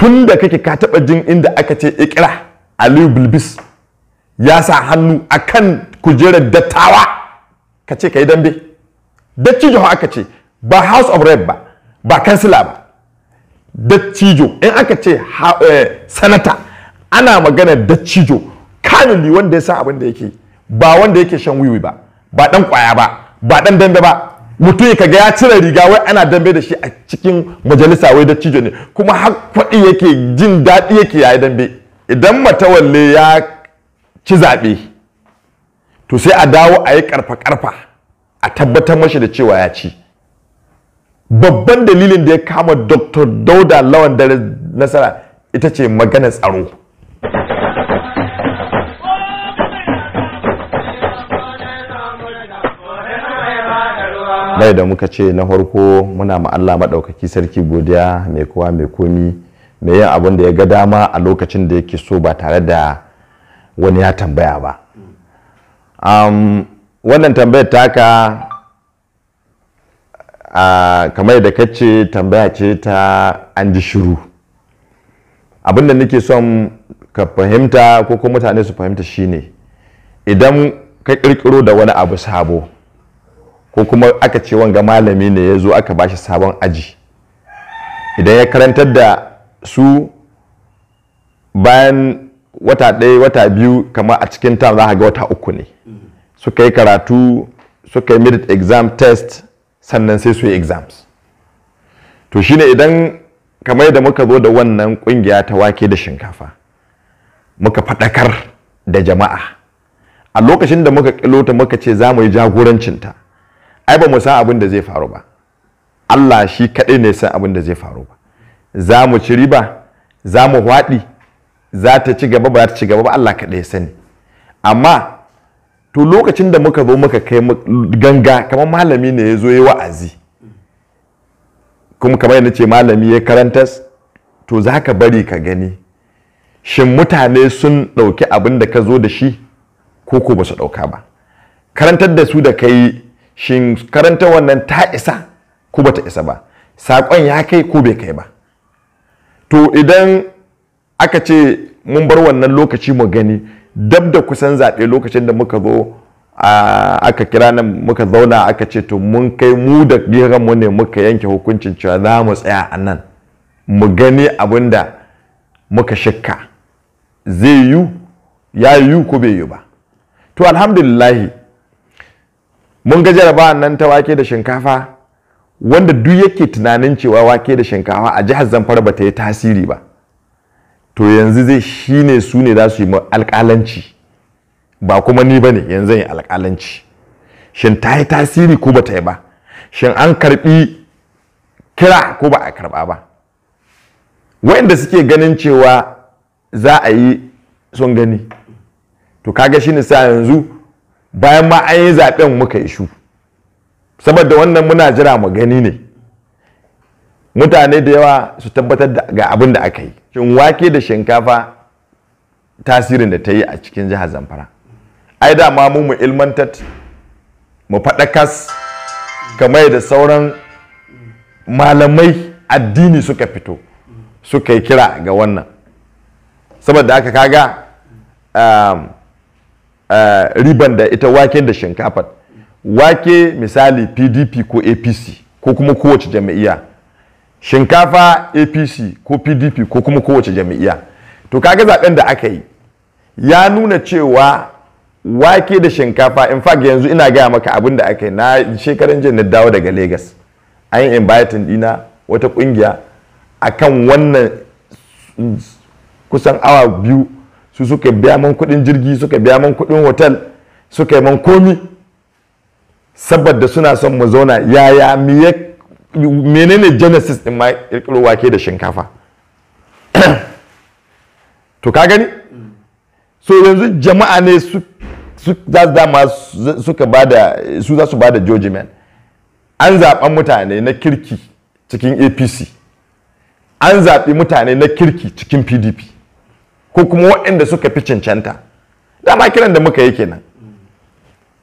tun da kake ka taɓa jin inda aka ce ikira aliyu bilbis ya sa hannu a kan kujerar dattawa ka ce ka yi dambe dattijo aka ce ba house of rep ba ba kansila ba dattijo in aka ce eh, sanata ana magana dattijo kanuli wanda ya sa abin da yake ba wanda yake shan wiwi ba ba dan kwaya ba ba dan dambe ba mutum kaga ya cire riga wai ana dambe da shi a cikin majalisa wai da cijo ne kuma har kwaɗi yake jin daɗi yake yayi dambe idan matawalle ya ci zaɓe to sai a dawo a yi ƙarfa-ƙarfa a tabbatar mashi da cewa ya ci babban dalilin da ya kama dr dauda lawan dare nasara ita ce magana tsaro mai da muka ce na farko muna ma Allah maɗaukaki sarki godiya mai kowa mai komi mai yin abin da ya ga dama a lokacin da yake so ba tare da wani ya tambaya ba um, wannan tambayar taka uh, kamar da kace tambaya ce ta an ji shiru abin da nake son ka fahimta ko kuma mutane su fahimta shine idan ka ƙirƙiro da wani abu sabo ko kuma aka ce wanga malami ne ya zo aka shi sabon aji idan ya karantar da su bayan wata ɗaya wata biyu kamar a cikin tam za ga wata uku ne suka yi karatu suka yi merit exam test sannan sai su yi exams to shine idan kamar da muka zo da wannan ƙungiya ta wake da shinkafa muka faɗakar da jama'a a lokacin da muka kilota muka ce za mu yi jagorancinta ai ba mu san abin da zai faru ba Allah shi kaɗai ne san abin da zai faru ba za mu ci riba za mu haɗi za ta ci gaba ba za ta ci gaba ba Allah kaɗai sani amma to lokacin da muka zo muka kai ganga kamar malami ne ya zo ya wa'azi kuma kamar yadda ce malami ya karanta to za ka bari ka gani shin mutane sun ɗauki abin da ka zo da shi ko ko ba su ɗauka ba karantar da su da ka shin karanta wannan ta isa ko bata isa ba Sakon ya kai ko bai kai ba to idan aka ce mun bar wannan lokaci mu gani dab da kusan zaɓe lokacin da muka zo aka kira nan muka zauna aka ce to mun kai mu da mu ne muka yanke hukuncin cewa za mu tsaya a nan mu gani abin da muka shakka zai yiwu ya yiwu ko bai yiwu ba to alhamdulillahi mun ga jarabawan nan ta wake da shinkafa wanda duk yake tunanin cewa wake da shinkafa a jihar zamfara ba ta yi tasiri ba to yanzu zai shi su ne za su yi alƙalanci ba kuma ni ba ne yanzu yi alƙalanci shin ta yi tasiri ko ba ta yi ba shin an karɓi kira ko ba a karba ba wayanda suke ganin cewa za a yi sun gani to kaga shi ne sa yanzu bayan ma an yi zaɓen muka ishu, shu saboda wannan muna jira mu gani ne mutane da yawa su tabbatar da ga abin da aka yi shin wake da shinkafa tasirin da ta yi a cikin jihar zamfara ai da ma mu ilmantar mu faɗakas kamar da sauran malamai addini suka fito suka yi kira ga wannan saboda aka kaga um, Uh, riban da ita wake da shinkafa wake misali pdp ko apc ko kuma kowace jami'iya shinkafa apc ko pdp ko kuma kowace jami'iya to kaga zaben da aka yi ya nuna cewa wake da shinkafa in fact yanzu ina gaya maka abin da aka yi na shekaran jiya na dawo daga lagos an yi inviting dina wata kungiya akan wannan kusan awa biyu su suka biya man kuɗin jirgi suka biya man kuɗin hotel suka yi man komi saboda suna son mu zauna yaya menene genesis din ma kirkiro wake da shinkafa to ka gani so yanzu jama'a ne su za su dama suka bada su za su bada judgment an zaɓan mutane na kirki cikin apc an zaɓi mutane na kirki cikin pdp ko kuma waɗanda suka fi cancanta dama kiran da muka yi kenan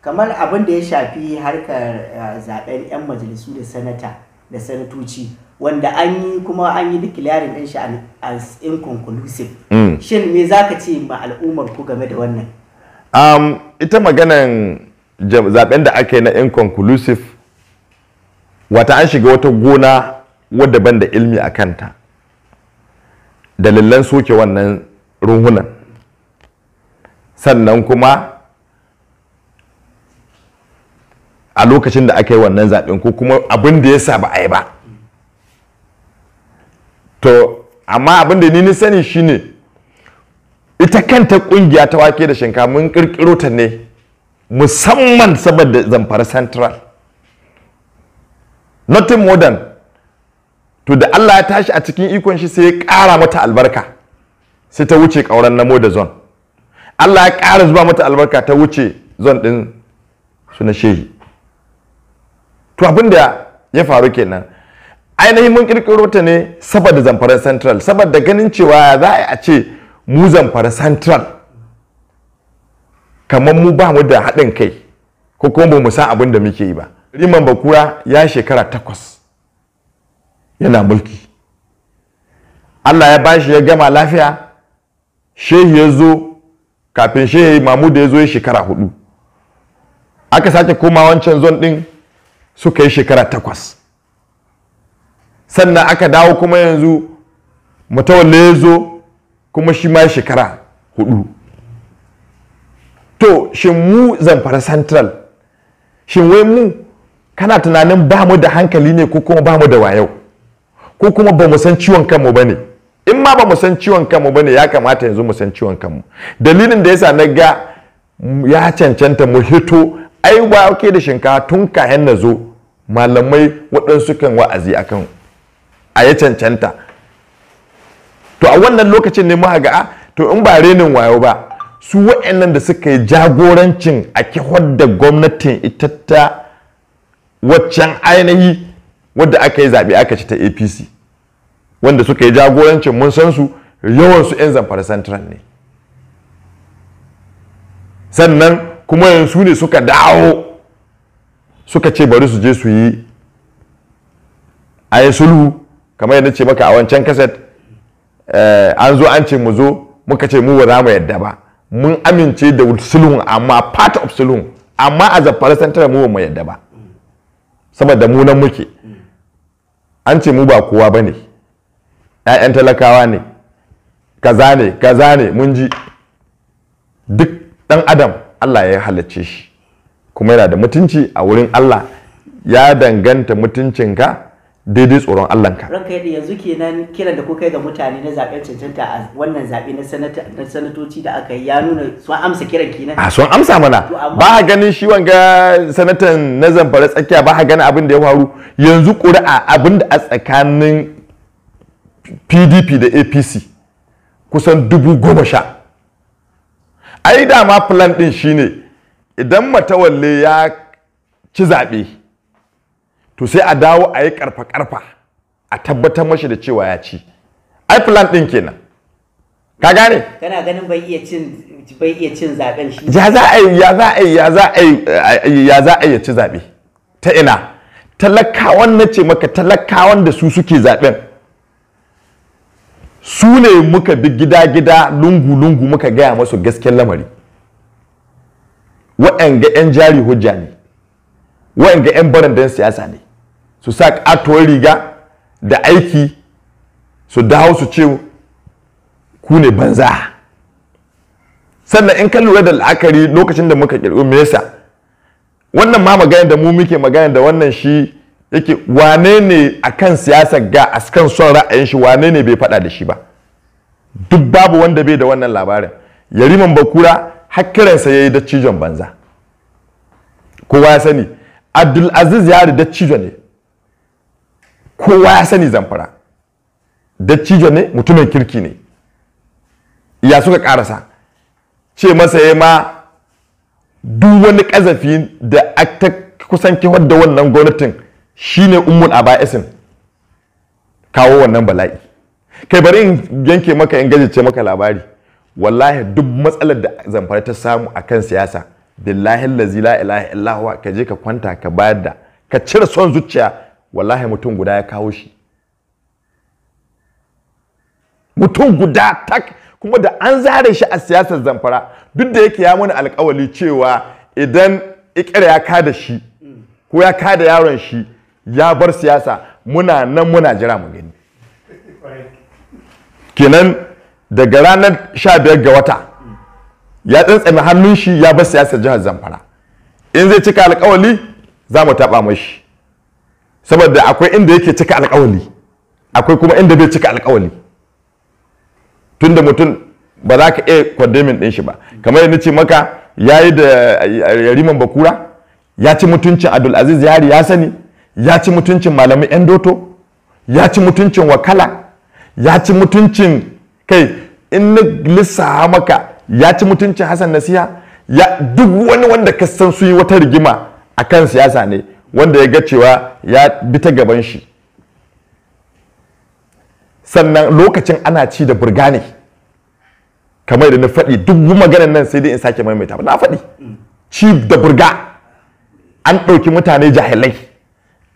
kamar abin da ya shafi harkar eh, zaben 'yan majalisu da sanata da sanatoci wanda an yi kuma an yi declaring din shi as inconclusive mm. shin me zaka ce ma al'ummar ku game da wannan um, ita maganan zaben da aka yi na inconclusive wata an shiga wata gona wadda ban da ilmi a kanta dalilan soke wannan ruhunan sannan kuma a lokacin da aka yi wannan zaɓen ko kuma abin da ya saba ba a yi ba to amma abin da ni ni sani shine ita kanta ƙungiya ta wake da shinkafa mun ƙirƙiro ta ne musamman saboda zamfara central nothing modern to da Allah ya tashi a cikin ikon shi sai ya ƙara mata albarka sai ta wuce ƙauren namo da zon Allah ya ƙara zuba mata albarka ta wuce zon ɗin su na shehi to abin da ya faru kenan ainihin mun ƙirƙiro ta ne saboda zamfara central saboda ganin cewa za a a ce mu zamfara central kamar mu ba mu da haɗin kai ko kuma ba mu san abin da muke yi ba riman bakura ya shekara takwas yana mulki Allah ya bashi ya gama lafiya shehi ya zo kafin shehi da ya zo ya shekara hudu aka sake koma wancan zon din suka yi shekara takwas sannan aka dawo kuma yanzu mutawalle ya zo kuma shi ma shekara hudu to shin mu zamfara central shin wai mu kana tunanin ba mu da hankali ne ko kuma ba mu da wayo ko kuma ba mu san ciwon kanmu ba ne in ma ba mu san ciwon kanmu bane ya kamata yanzu mu san ciwon kanmu dalilin da yasa na ga ya cancanta mu hito ai ba ke da shinkafa tun kayan na zo malamai waɗansu kan wa'azi kan a ya cancanta to a wannan lokacin ne mu ga ah, to in ba renin wayo ba su wa'annan da suka yi jagorancin a kihar da gwamnatin ita ta waccan ainihi wadda aka yi zaɓe aka ci ta apc wanda suka yi jagorancin mun san su yawansu 'yan zamfara central ne sannan kuma yanzu ne suka dawo suka ce bari su je su yi a yi sulhu kamar yadda ce maka a wancan kaset eh, an zo an ce mu zo muka ce mu ba za mu yadda ba mun amince da sulhu amma part of sulhu amma a zafara central mu ba mu yadda ba saboda mu muke an ce mu ba kowa ba ne 'ya'yan talakawa ne kaza ne kaza ne mun ji duk ɗan adam Allah ya halacce shi kuma yana da mutunci a wurin Allah ya danganta mutuncinka daidai tsoron Allahnka. Ranka yadda yanzu kenan kiran da kuka yi ga mutane na zaɓen cancanta a wannan zaɓe na sanatoci da aka yi ya nuna sun amsa kiran kenan. A sun amsa mana ba ha ganin shi wanga sanatan na zamfara tsakiya ba ha ganin abin da ya faru yanzu ƙuri'a abin da a tsakanin pdp da apc kusan dubu goma sha ai dama plan ɗin shine idan matawalle ya ci zaɓe to sai a dawo a yi ƙarfa-ƙarfa a tabbatar mashi da cewa ya ci ai plan ɗin kenan ka gane kana ganin bai iya cin bai iya cin zaben shi ya za a ya za a ya za a ya za a ya ci zaɓe ta ina talakawan na ce maka talakawan da su suke zaɓen su ne muka bi gida-gida lungu-lungu muka gaya masu gasken lamari wa'anga 'yan jari hujja ne wa'anga 'yan barandan siyasa ne su sa katuwar riga da aiki su dawo su ce ku ne banza sannan in kan lura da la'akari lokacin da muka kirɓi mesa wannan ma magana da mu muke magana da wannan shi yake wane ne a kan siyasar ga a kan son ra'ayin shi wane ne bai faɗa da shi ba duk babu wanda bai da wannan labarin yariman bakura hakkiransa ya yi dattijon banza kowa ya sani abdulaziz da dattijo ne kowa ya sani zamfara dattijo ne mutumin kirki ne ya suka karasa ce masa ya ma duk wani kazafi da aka kusan kewar da wannan gwamnatin Shi ne shine a aba'isin kawo wannan bala'i kai bari in yanke maka in gajice maka labari wallahi duk matsalar da zamfara ta samu a kan siyasa billahi lazi la ilaha illahu ka je ka kwanta ka bayar da ka cire son zuciya wallahi mutum guda ya kawo shi mutum guda tak kuma da an zare shi a siyasar zamfara duk da yake ya mana alkawali cewa idan ikira ya kada shi ko ya kada yaron shi ya bar siyasa muna nan muna jira mu gani kenan daga ranar biyar ga wata ya tsantsami hannun shi ya bar siyasar jihar zamfara in zai cika alkawali za mu taɓa mashi saboda akwai inda yake cika alkawali akwai kuma inda bai cika alkawali tunda mutum ba za ka iya kwadamin din shi ba kamar yadda ce maka ya yi da yariman bakura ya ci mutuncin abdulaziz yari ya sani ya ci mutuncin malami yan doto ya ci mutuncin wakala ya ci mutuncin kai in na lissaha maka ya ci mutuncin hassan nasiha ya duk wani wanda ka san su yi wata rigima a kan siyasa ne wanda ya ga cewa ya bi ta gaban shi sannan lokacin ana ci da burga ne kamar da na faɗi duk maganar nan sai dai in sake maimaita na faɗi ci da burga an ɗauki mutane jahilai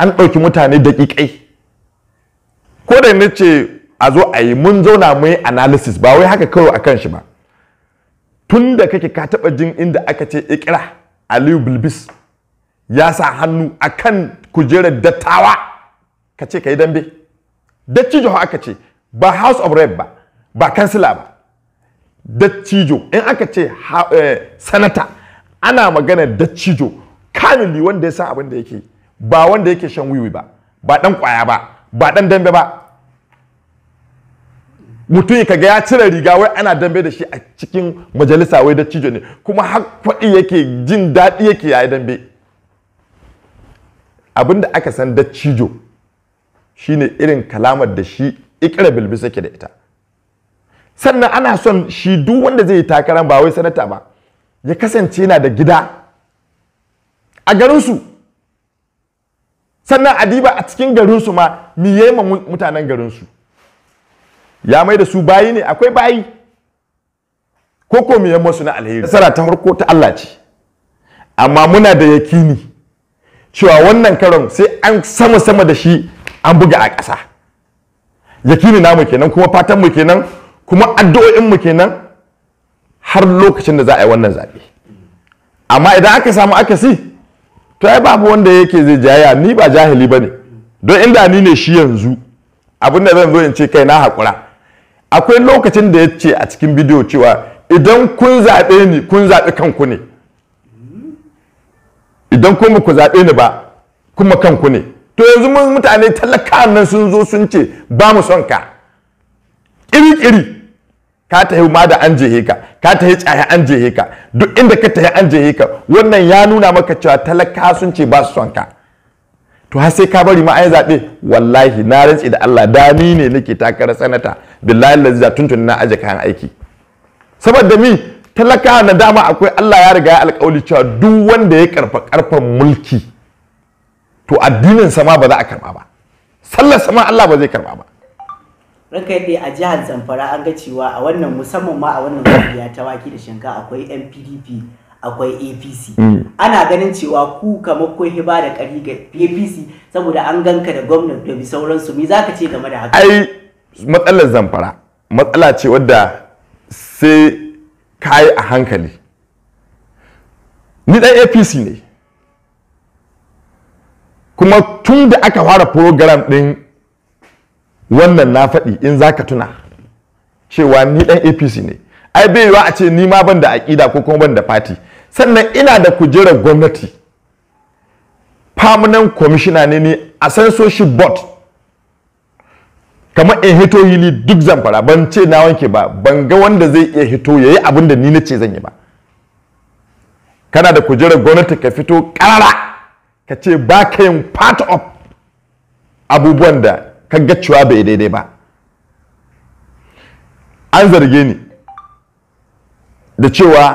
an ɗauki mutane daƙiƙai ko da na ce a zo a yi mun zauna mu yi analysis ba wai haka kawai kan shi ba tun da kake ka taɓa jin inda aka ce ikira aliyu bilbis ya sa hannu a kan kujerar dattawa ka ce ka yi dambe dattijo aka ce ba house of rep ba ba kansila ba dattijo in aka ce eh, sanata ana magana dattijo kanuli wanda ya sa abin da yake yi ba wanda yake shan wiwi ba ba dan kwaya ba ba dan dambe ba mutum kaga ya cire riga wai ana dambe da shi a cikin majalisa wai da cijo ne kuma har kwaɗi yake jin daɗi yake yayi dambe abin da aka san da cijo shine irin kalamar da shi ikira bilbis ke da ita sannan ana son shi duk wanda zai yi takarar ba wai sanata ba ya kasance yana da gida a garinsu sannan adiba a cikin garinsu ma mi ya ma mutanen garinsu ya mai da su bayi ne akwai bayi ko ko mi yamma su na alheri nasara ta farko ta Allah ce amma muna da yakini cewa wannan karon sai an sama sama da shi an buga a ƙasa yakini namu kenan kuma fatan mu kenan kuma addu'o'in mu kenan har lokacin da za a yi wannan zaɓe amma idan aka samu akasi to ai babu wanda yake zai jaya ni ba jahili bane don inda ni ne shi yanzu abin da zan zo in ce kai na haƙura akwai lokacin da ya ce a cikin bidiyo cewa idan kun zaɓe ni kun zaɓi kanku ne idan kuma ku zaɓe ni ba kuma kanku ne to yanzu mun mutane talaka nan sun zo sun ce ba mu son ka ƙiri-ƙiri ka yi ma da an jehe ka ka yi tsaye an jehe ka duk inda ka ta yi an jehe ka wannan ya nuna maka cewa talaka sun ce ba su son ka to har sai ka bari ma ai zabe wallahi na rantsi da Allah da ni ne nake takarar sanata billahi allazi da tuntun na aje kayan aiki saboda mi talaka na dama akwai Allah ya riga ya alƙawli cewa duk wanda ya karfa karfan mulki to addinin sama ba za a karba ba sallar sama Allah ba zai karba ba ranka yadda a jihar zamfara an ga cewa a wannan musamman ma a wannan kungiya ta waki da shinka akwai npdp akwai apc mm. ana ganin cewa ku kamar ko hiba da kari ga apc saboda an ganka da gwamnati da bi sauransu me zaka ce game da haka ai matsalar zamfara matsala ce wadda sai kai a hankali ni dan apc ne kuma tun da aka fara program din wannan na faɗi in za ka tuna cewa ni ɗan apc ne ai bai a ce ni ma ban da aƙida ko kuma ban da fati sannan ina da kujerar gwamnati permanent commissioner ne ni a censorship board kamar in hito hili duk zamfara ban ce na wanke ba ban ga wanda zai iya hito yayi abin da ni na ce zan yi ba kana da kujerar gwamnati ka fito karara ka ce ba ka yin part of abubuwan da kaga cewa bai daidai ba an zarge ni da cewa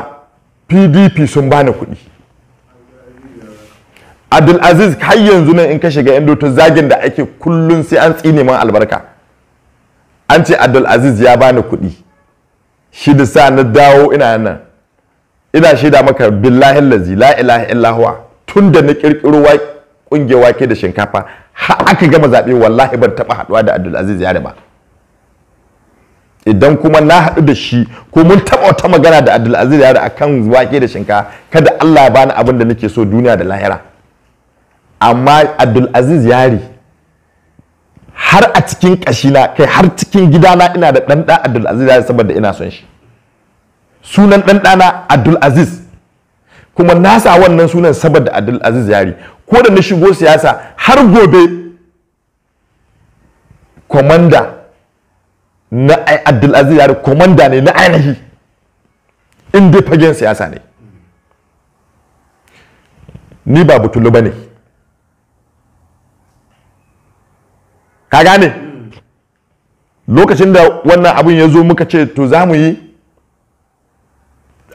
pdp sun bani kuɗi abdulaziz har yanzu nan in ka shiga yan doto zagin da ake kullun sai an tsine man albarka an ce abdulaziz ya bani kuɗi shi da sa na dawo ina nan ina shaida maka billahi lazi la ilaha illahuwa tun da na ƙirƙiro kungiyar wake da shinkafa har aka gama zaɓe wallahi ban taɓa haɗuwa da Abdulaziz Yare ba idan kuma na haɗu da shi ko mun taɓa wata magana da Abdulaziz Yare akan wake da shinkafa kada Allah ya bani abin da nake so duniya da lahira amma Abdulaziz Yare har a cikin kashina kai har cikin gidana ina da ɗanɗa Abdulaziz Yare saboda ina son shi sunan ɗanɗana Abdulaziz kuma nasa wannan sunan saboda Abdul Aziz Yari ko da na shigo siyasa har gobe komanda na Abdul Aziz Yari komanda ne na ainihi in fagen siyasa ne ni ba butulu bane ka gane lokacin da wannan abin ya zo muka ce to za mu yi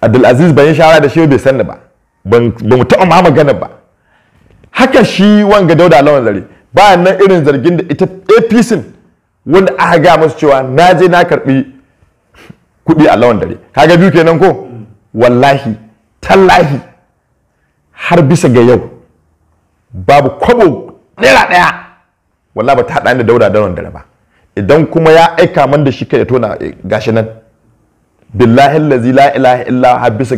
Abdulaziz ban yi shawara da shi bai sanni ba ba mu taɓa ma magana ba haka shi wanga dauda lawan zare ba nan irin zargin da ita apc wanda aka ga masu cewa na je na karɓi kuɗi a lawan dare kaga biyu kenan ko wallahi tallahi har bisa ga yau babu kwabo ɗaya ɗaya wallahi ba ta haɗa da dauda lawan dare ba idan kuma ya aika man da shi kai ya tona eh, gashi nan billahi lazi la ilaha illa ha bisa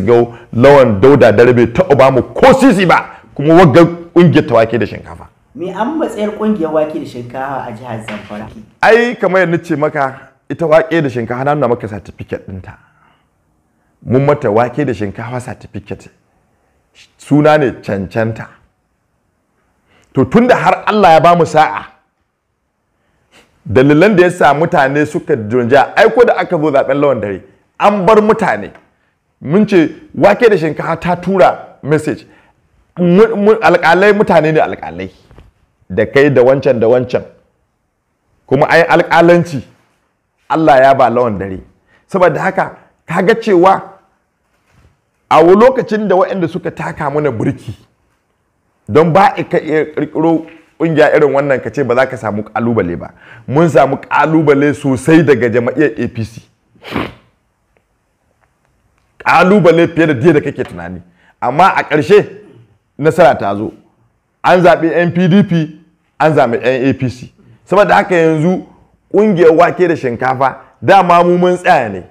lawan dauda da rabe taɓa obama ko sisi ba kuma wagga ƙungiyar ta wake da shinkafa me an matsayar ƙungiyar wake da shinkafa a jihar zamfara ai kamar yadda ce maka ita wake da shinkafa na nuna maka certificate dinta. mun mata wake da shinkafa certificate suna ne cancanta to tunda har Allah ya ba mu sa'a dalilan da ya sa mutane suka dunja aiko da aka zo zaben lawan dare an bar mutane mun ce wake da shinkafa ta tura message alƙalai mutane ne alƙalai da kai da wancan da wancan kuma ai alƙalanci Allah ya ba lawan dare saboda haka kaga cewa a lokacin da waɗanda suka taka mana burki don ba ka iya ƙirƙiro ƙungiya irin wannan ka ce ba za ka samu ƙalubale ba mun samu ƙalubale sosai daga jama'iyyar apc kalubale fiye da jiya da kake tunani amma a ƙarshe nasara ta zo an zaɓi yan pdp an zaɓi yan apc saboda haka yanzu ƙungiyar wake da shinkafa dama mu mun tsaya ne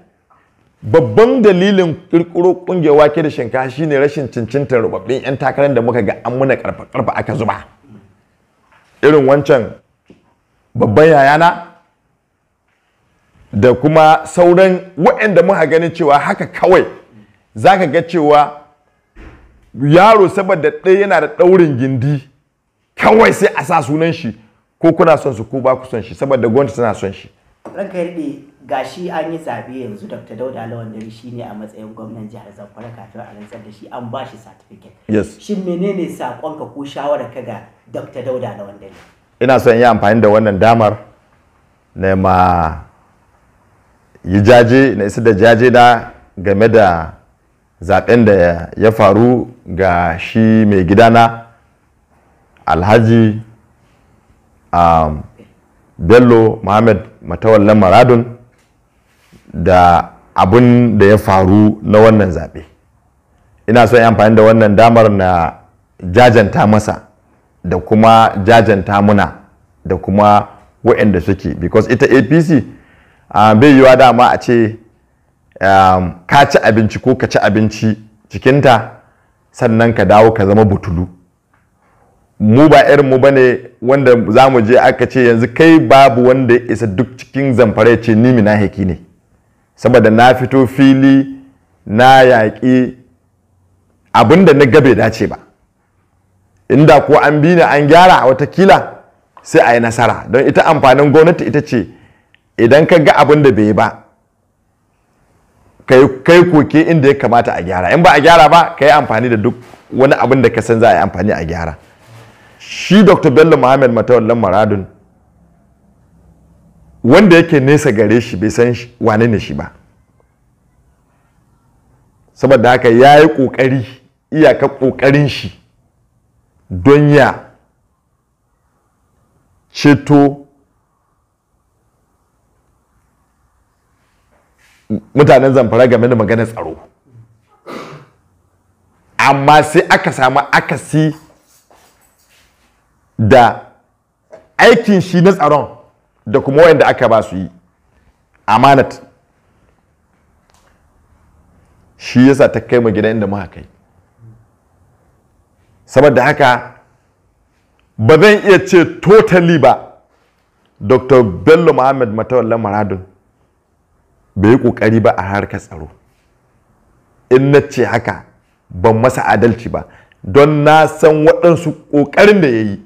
babban dalilin ƙirƙiro ƙungiyar wake da shinkafa shine rashin cincintar rubabbin yan takarar da muka ga an muna ƙarfa ƙarfa aka zuba irin wancan babban yayana da kuma sauran waɗanda muka ganin cewa haka kawai za ka ga cewa yaro saboda ɗaya yana da ɗaurin gindi kawai sai a sa sunan shi ko kuna son su ko ba ku son shi saboda gwamnati tana son shi ranka ya daɗe gashi an yi zaɓe yanzu dr dauda lawan Dari shi ne a matsayin gwamnan jihar zamfara kafin a rantsar da shi an ba shi certificate yes shin menene saƙonka ko shawarar ka ga dr dauda lawan Dari? ina son yi amfani da wannan damar na ma yi jaje na isa da jaje na game da Zaɓen da ya faru ga shi mai gidana alhaji um, bello muhammad matawallan maradun da abun da ya faru na wannan zaɓe ina son amfani da wannan damar na jajanta masa da kuma jajanta muna da kuma wa'anda suke because ita apc uh, um, bai yiwa dama a ce Um, ka ci abinci ko ka ci abinci cikinta sannan ka dawo ka zama butulu mu ba irin mu ne wanda za mu je aka ce yanzu kai babu wanda ya isa duk cikin zamfara ya ce ni mina haiki ne saboda na fito fili na yaƙi abinda na gabe dace ba inda ko an bi ni an gyara watakila sai a yi nasara don ita amfanin gwamnati ita ce idan ka ga abin da bai yi ba kai koke inda ya kamata a gyara in ba a gyara ba ka yi amfani da duk wani abin da ka san za a yi amfani a gyara shi dr bello muhammad matawallan maradun wanda yake nesa gare shi bai san wane ne shi ba saboda haka ya yi ƙoƙari iyaka ƙoƙarin shi don ya ceto mutanen zamfara game da maganar tsaro amma sai aka samu akasi da aikin shi na tsaron da kuma wanda aka ba su yi amanat shi yasa ta kai mu gida inda muka kai saboda haka ba zan iya ce totally ba dr bello muhammad matawallan maradun bai yi kokari ba a harkar tsaro in na ce haka ban masa adalci ba don na san waɗansu ƙoƙarin da ya yi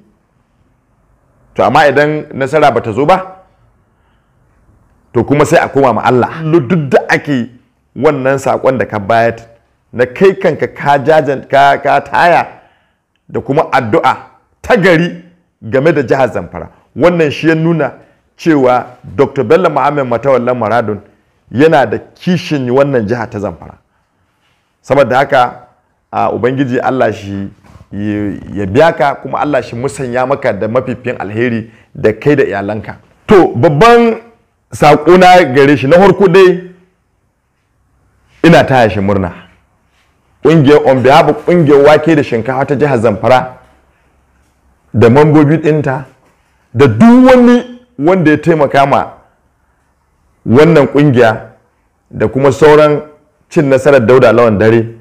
to amma idan nasara bata zo ba to kuma sai a koma ma Allah duk da ake wannan saƙon da ka bayar na kai kanka ka jajan ka, ka taya da kuma addu'a ta gari game da jihar zamfara wannan shi ya nuna cewa dr bello muhammed matawallan maradun yana da kishin wannan jiha ta zamfara saboda haka a ubangiji allah shi ya biya ka kuma allah shi musanya maka da mafifin alheri da kai da iyalanka to babban saƙona gare shi na farko dai ina taya shi murna ƙungiyar on behalf ƙungiyar wake da shinkafa ta jihar zamfara da mambobi ɗinta da duk wani wanda ya taimaka ma wannan kungiya da kuma sauran cin nasarar dauda lawan dare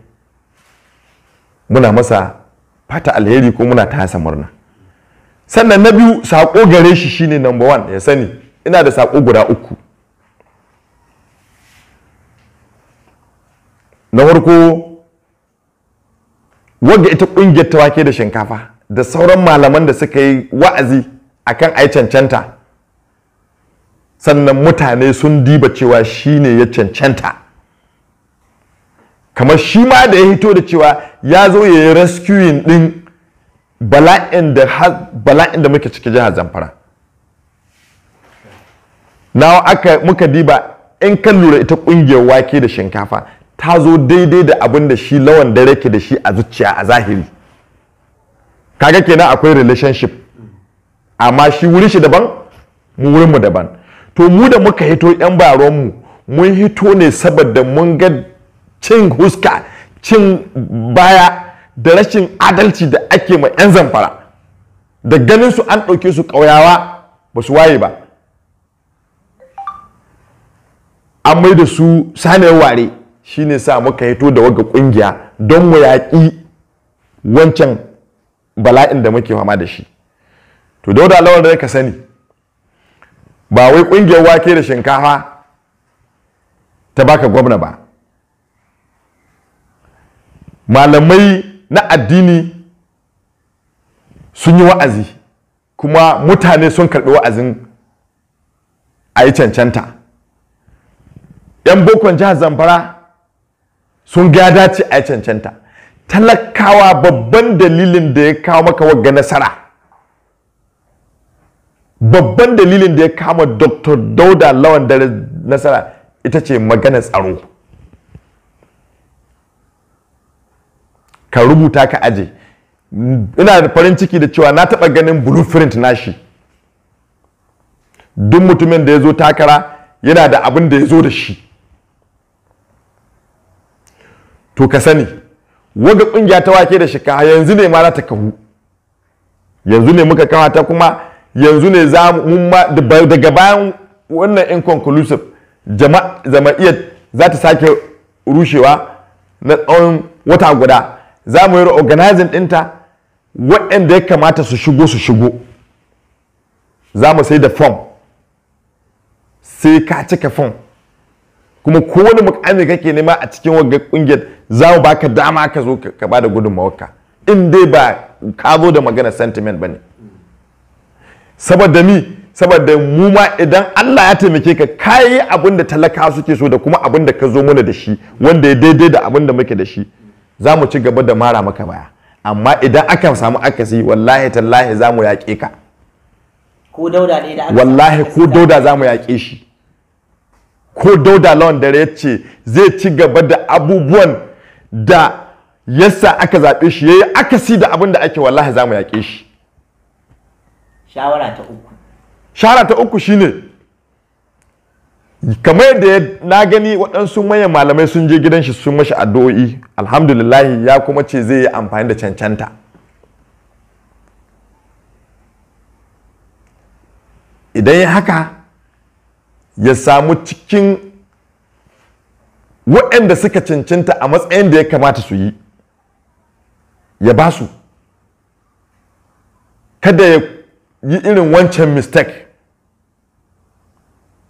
muna masa fata alheri ko muna tasa murna sannan na biyu saƙo gare shi shine number one ya sani ina da saƙo guda uku na farko wadda ita ƙungiyar wake da shinkafa da sauran malaman da suka yi wa'azi akan ai cancanta sannan mutane sun diba cewa shi ne ya cancanta kamar shi ma da ya hito da cewa ya zo ya yi rescuing din bala'in da muke ciki jihar zamfara na aka muka diba in kan lura ita kungiyar wake da shinkafa ta zo daidai da abin da shi lawan dare ke da shi a zuciya a zahiri kaga kenan akwai relationship amma shi wuri shi daban mu wurin mu daban to mu da muka hito yan baronmu mun hito ne saboda mun ga cin huska cin baya da rashin adalci da ake ma yan zamfara da ganin su an ɗauke su ƙauyawa ba su waye ba an mai da su saniyar ware shine sa muka hito da waga ƙungiya don mu yaƙi wancan bala'in da muke fama da shi to dauda lawar da ka sani ba wai ƙungiyar wake da shinkafa ta baka gwamna ba malamai na addini sun yi wa'azi kuma mutane sun karɓi wa'azin a yi cancanta 'yan bokon jihar zamfara sun ga dace a yi cancanta talakawa babban dalilin da ya kawo maka wagga nasara babban dalilin da ya kama dr dauda lawan dare nasara ita ce magana tsaro ka rubuta ka aje ina da farin ciki da cewa na taɓa ganin blueprint nashi duk mutumin da ya zo takara yana da abin da ya zo da shi to ka sani waga ƙungiya ta wake da shi ka yanzu ne ma za ta kahu yanzu ne muka kawata kuma yanzu ne za mu daga bayan wannan inconclusive jama'iyyar za ta sake rushewa na tsawon wata guda za mu yi organizing dinta waɗanda ya kamata su shigo su shigo za mu sai da form sai ka cika form kuma kowane mukami kake nema a cikin wagga kungiyar za mu baka dama ka zo ka ba bada gudunmawarka in dai ba ka zo da magana sentiment ba ne saboda mi saboda mu ma idan Allah ya taimake ka kayi abin da talaka suke so da kuma abin ka zo mana da shi wanda ya daidai da abin muke da shi za mu ci gaba da mara maka baya amma idan aka samu akasi wallahi tallahi za mu yaƙe ka ko dauda ne da aka wallahi ko dauda za mu yaƙe shi ko dauda lawan dare ya ce zai ci gaba da abubuwan da yasa aka zaɓe shi yayi akasi da abin ake wallahi za mu yaƙe shi shawara ta uku shawara ta uku shine kamar yadda na gani waɗansu manyan malamai sun je gidan shi sun mashi addu'o'i alhamdulillahi ya kuma ce zai yi amfani da cancanta idan ya haka ya samu cikin waɗanda suka cancanta a matsayin da ya kamata su yi ya ba su kada ya yi irin wancan mistake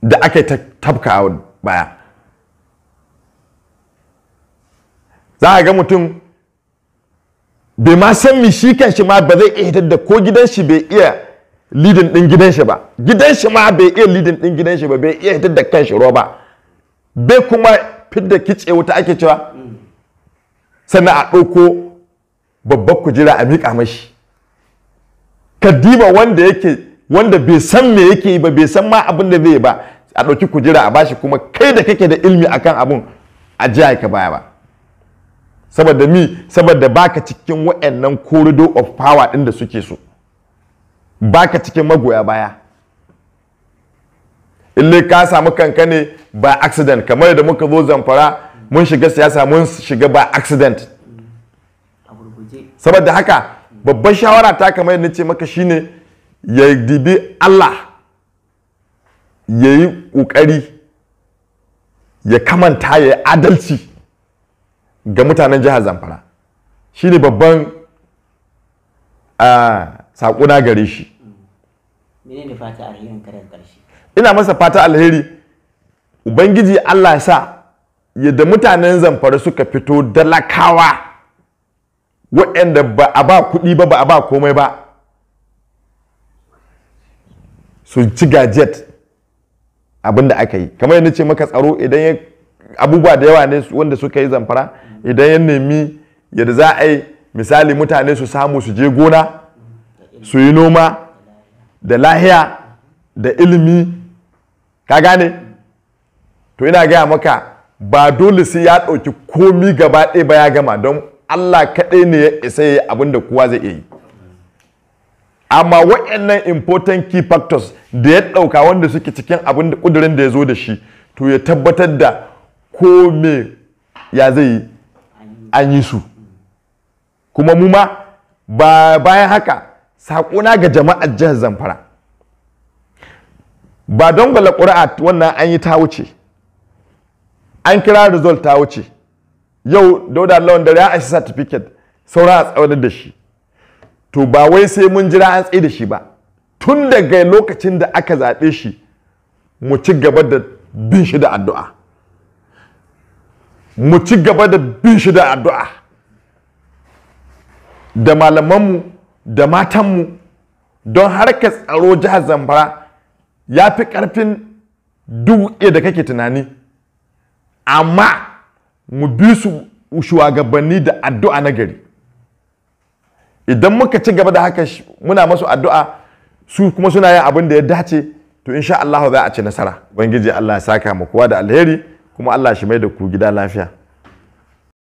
da ake tabka a baya za a ga mutum bai ma san mi shi kan shi ma ba zai iya hitar da ko gidan shi bai iya lidin din gidan shi ba gidan shi ma bai iya lidin din gidan shi ba bai iya hitar da kan shi roba bai kuma fidda kice wuta ake cewa sannan a ɗauko babbar kujera a miƙa mashi ka wanda yake wanda bai san me yake yi ba bai san ma abin da zai ba a ɗauki kujera a bashi kuma kai da kake da ilmi akan abun a ji ka baya ba saboda mi saboda baka cikin waɗannan corridor of power ɗin da suke so baka cikin magoya baya illai ka samu kanka ne ba accident kamar da muka zo zamfara mun shiga siyasa mun shiga ba accident saboda haka babban shawara ta kamar yadda ce maka shine ya dibi Allah ya yi ƙoƙari ya kamanta ya yi adalci ga mutanen jihar zamfara shine babban saƙuna gare shi ina masa fata alheri ubangiji Allah ya sa yadda mutanen zamfara suka fito dalakawa waɗanda ba a ba kuɗi ba ba a ba komai ba su ci gajet abin da aka yi kamar yadda ce maka tsaro idan ya abubuwa da yawa ne wanda suka yi zamfara idan ya nemi yadda za a yi misali mutane su samu su je gona su yi noma da lahiya da ilimi ka gane to ina gaya maka ba dole sai ya ɗauki komi gaba ɗaya ba ya gama don Allah kaɗai ne ya isa yi abin da kowa zai iya yi amma waɗannan important key factors da ya ɗauka wanda suke cikin abin da ƙudurin da ya zo da shi to ya tabbatar da ko me ya zai yi an yi su kuma mu ma bayan haka saƙona ga jama'ar jihar zamfara ba don gwala ƙuri'a wannan an yi ta wuce an kira result ta wuce yau dauda lawan dare ya aishi certificate saura a tsawadar da shi to ba wai sai mun jira an tsaye da shi ba tun daga lokacin da aka zaɓe shi mu ci gaba da bin shi da addu'a mu ci gaba da bin shi da addu'a da malamanmu da matanmu don harkar tsaro jihar zamfara ya fi ƙarfin duk da kake tunani amma mu bi su shugabanni da addu'a na gari idan muka ci gaba da haka muna masu addu'a su kuma suna yin abin da ya dace to insha Allah za a ci nasara ubangiji Allah ya saka mu kowa da alheri kuma Allah shi mai da ku gida lafiya